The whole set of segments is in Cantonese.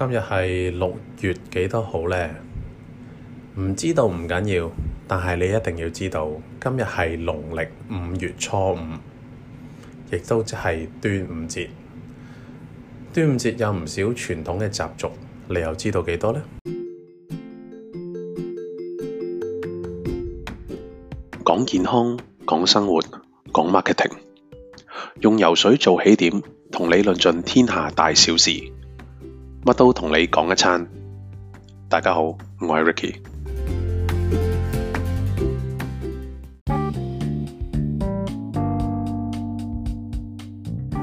今日係六月幾多號呢？唔知道唔緊要，但係你一定要知道，今日係農曆五月初五，亦都係端午節。端午節有唔少傳統嘅習俗，你又知道幾多呢？講健康，講生活，講 marketing，用游水做起點，同你論盡天下大小事。乜都同你講一餐。大家好，我係 Ricky。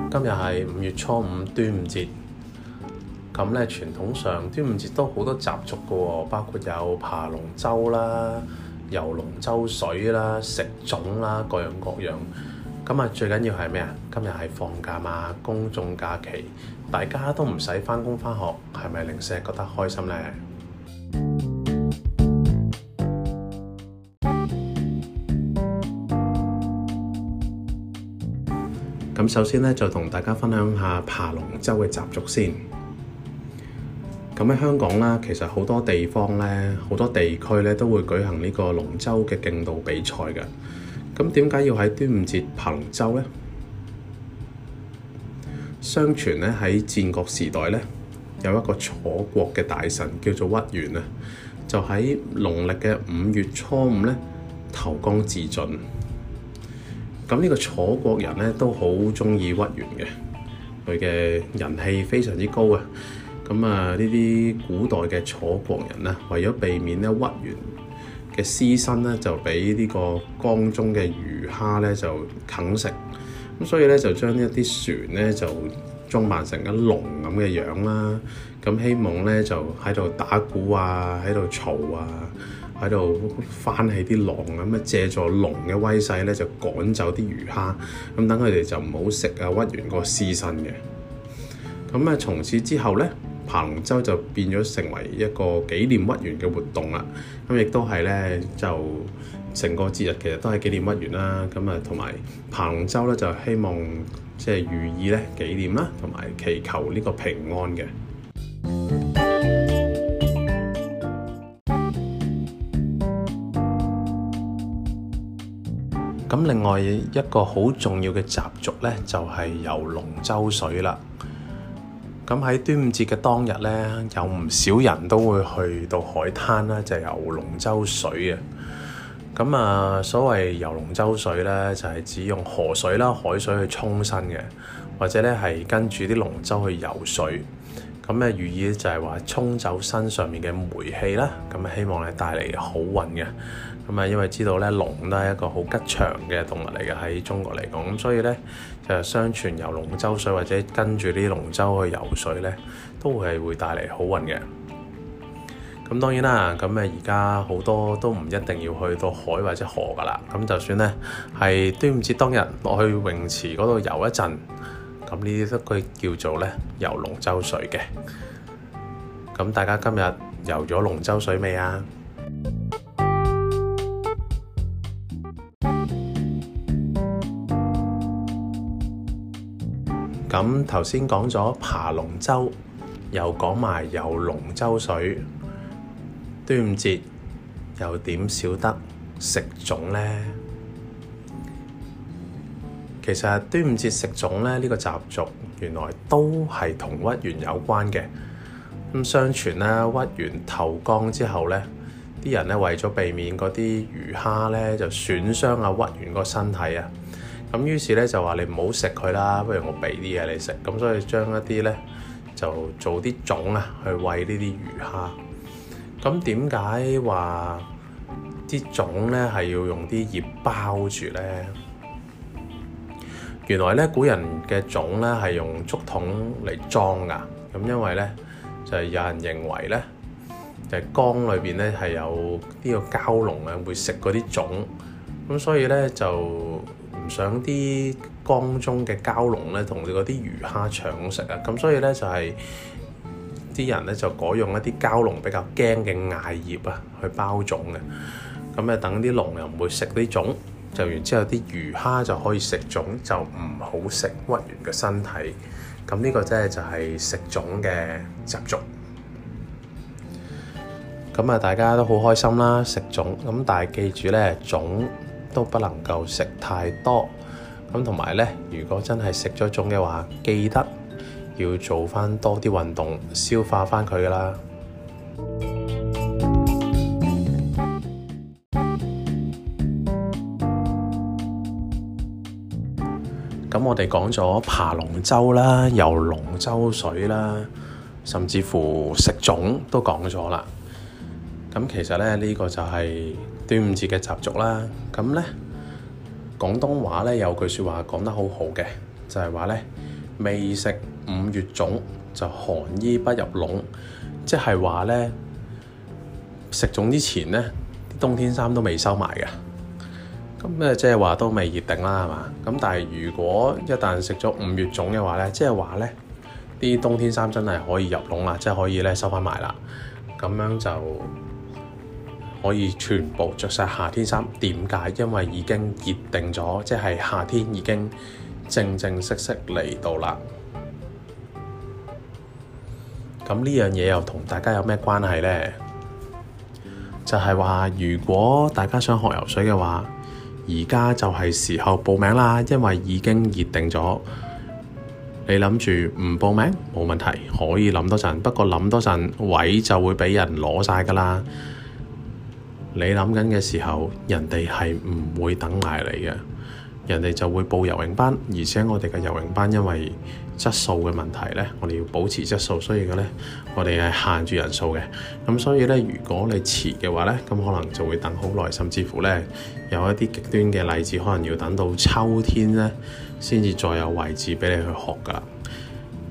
今日係五月初五端午節，咁咧傳統上端午節都好多習俗嘅喎，哦，包括有爬龍舟啦、游龍舟水啦、食粽啦，各樣各樣。咁啊，最緊要係咩啊？今日係放假嘛，公眾假期，大家都唔使返工返學，係咪零舍覺得開心呢？咁 首先咧，就同大家分享下扒龍舟嘅習俗先。咁喺香港咧，其實好多地方咧，好多地區咧，都會舉行呢個龍舟嘅競渡比賽嘅。咁點解要喺端午節憑舟咧？相傳咧喺戰國時代咧，有一個楚國嘅大臣叫做屈原啊，就喺農曆嘅五月初五咧投江自盡。咁呢個楚國人咧都好中意屈原嘅，佢嘅人氣非常之高啊！咁啊呢啲古代嘅楚國人咧，為咗避免咧屈原嘅屍身咧就俾呢個江中嘅魚蝦咧就啃食，咁所以咧就將一啲船咧就裝扮成一龍咁嘅樣啦，咁希望咧就喺度打鼓啊，喺度嘈啊，喺度翻起啲浪咁啊，借助龍嘅威勢咧就趕走啲魚蝦，咁等佢哋就唔好食啊屈完個屍身嘅，咁啊從此之後咧。爬龍舟就變咗成為一個紀念屈原嘅活動啦，咁亦都係咧就成個節日其實都係紀念屈原啦，咁啊同埋爬龍舟咧就希望即係、就是、寓意咧紀念啦，同埋祈求呢個平安嘅。咁另外一個好重要嘅習俗咧就係游龍舟水啦。咁喺端午節嘅當日咧，有唔少人都會去到海灘啦，就係、游龍舟水啊。咁啊，所謂游龍舟水咧，就係、是、指用河水啦、海水去沖身嘅，或者咧係跟住啲龍舟去游水。咁嘅寓意就係話沖走身上面嘅霉氣啦，咁希望你帶嚟好運嘅。咁啊，因為知道咧龍都係一個好吉祥嘅動物嚟嘅喺中國嚟講，咁所以咧就係相傳遊龍舟水或者跟住啲龍舟去游水咧，都係會帶嚟好運嘅。咁當然啦，咁啊而家好多都唔一定要去到海或者河噶啦，咁就算咧係端午節當日落去泳池嗰度遊一陣，咁呢啲都可以叫做咧遊龍舟水嘅。咁大家今日遊咗龍舟水未啊？咁頭先講咗爬龍舟，又講埋遊龍舟水，端午節又點少得食粽咧？其實端午節食粽咧，呢個習俗原來都係同屈原有關嘅。咁相傳咧，屈原投江之後咧，啲人咧為咗避免嗰啲魚蝦咧就損傷啊屈原個身體啊，咁於是咧就話你唔好食佢啦，不如我俾啲嘢你食。咁所以將一啲咧就做啲粽啊，去餵呢啲魚蝦。咁點解話啲粽咧係要用啲葉包住咧？原來咧，古人嘅糉咧係用竹筒嚟裝㗎。咁因為咧，就係有人認為咧，就係江裏邊咧係有呢個蛟龍啊，會食嗰啲糉。咁所以咧就唔想啲江中嘅蛟龍咧同嗰啲魚蝦搶食啊。咁所以咧就係啲人咧就改用一啲蛟龍比較驚嘅艾葉啊，去包糉嘅。咁啊，等啲龍又唔會食啲糉。就完之後，啲魚蝦就可以食糉，就唔好食屈原嘅身體。咁呢個真係就係食糉嘅習俗。咁啊、嗯，大家都好開心啦，食糉。咁但係記住咧，糉都不能夠食太多。咁同埋咧，如果真係食咗糉嘅話，記得要做翻多啲運動，消化翻佢噶啦。咁我哋講咗爬龍舟啦，游龍舟水啦，甚至乎食粽都講咗啦。咁其實咧，呢個就係端午節嘅習俗啦。咁咧，廣東話咧有句説話講得好好嘅，就係話咧，未食五月粽就寒衣不入櫳，即係話咧食粽之前咧，冬天衫都未收埋嘅。咁咧，即係話都未熱定啦，係嘛？咁但係如果一旦食咗五月糉嘅話咧，即係話咧，啲冬天衫真係可以入籠啦，即係可以咧收翻埋啦。咁樣就可以全部着晒夏天衫。點解？因為已經熱定咗，即係夏天已經正正式式嚟到啦。咁呢樣嘢又同大家有咩關係咧？就係話，如果大家想學游水嘅話，而家就係時候報名啦，因為已經熱定咗。你諗住唔報名冇問題，可以諗多陣。不過諗多陣位就會俾人攞晒㗎啦。你諗緊嘅時候，人哋係唔會等埋你嘅，人哋就會報游泳班。而且我哋嘅游泳班因為質素嘅問題呢，我哋要保持質素，所以嘅呢，我哋係限住人數嘅。咁所以呢，如果你遲嘅話呢，咁可能就會等好耐，甚至乎呢，有一啲極端嘅例子，可能要等到秋天咧，先至再有位置俾你去學㗎。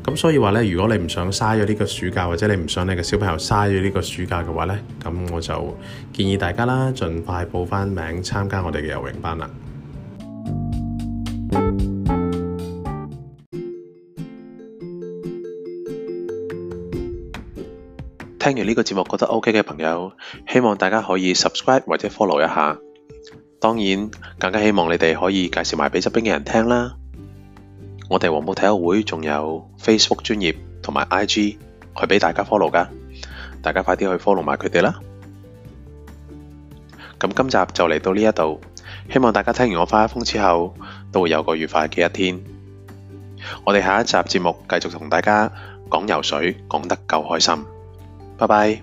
咁所以話咧，如果你唔想嘥咗呢個暑假，或者你唔想你嘅小朋友嘥咗呢個暑假嘅話咧，咁我就建議大家啦，盡快報翻名參加我哋嘅游泳班啦。聽完呢個節目覺得 OK 嘅朋友，希望大家可以 subscribe 或者 follow 一下。當然，更加希望你哋可以介紹埋俾側邊嘅人聽啦。我哋黃埔體育會仲有 Facebook 專頁同埋 IG 去俾大家 follow 㗎，大家快啲去 follow 埋佢哋啦。咁今集就嚟到呢一度，希望大家聽完我花一風之後，都會有個愉快嘅一天。我哋下一集節目繼續同大家講游水，講得夠開心。拜拜。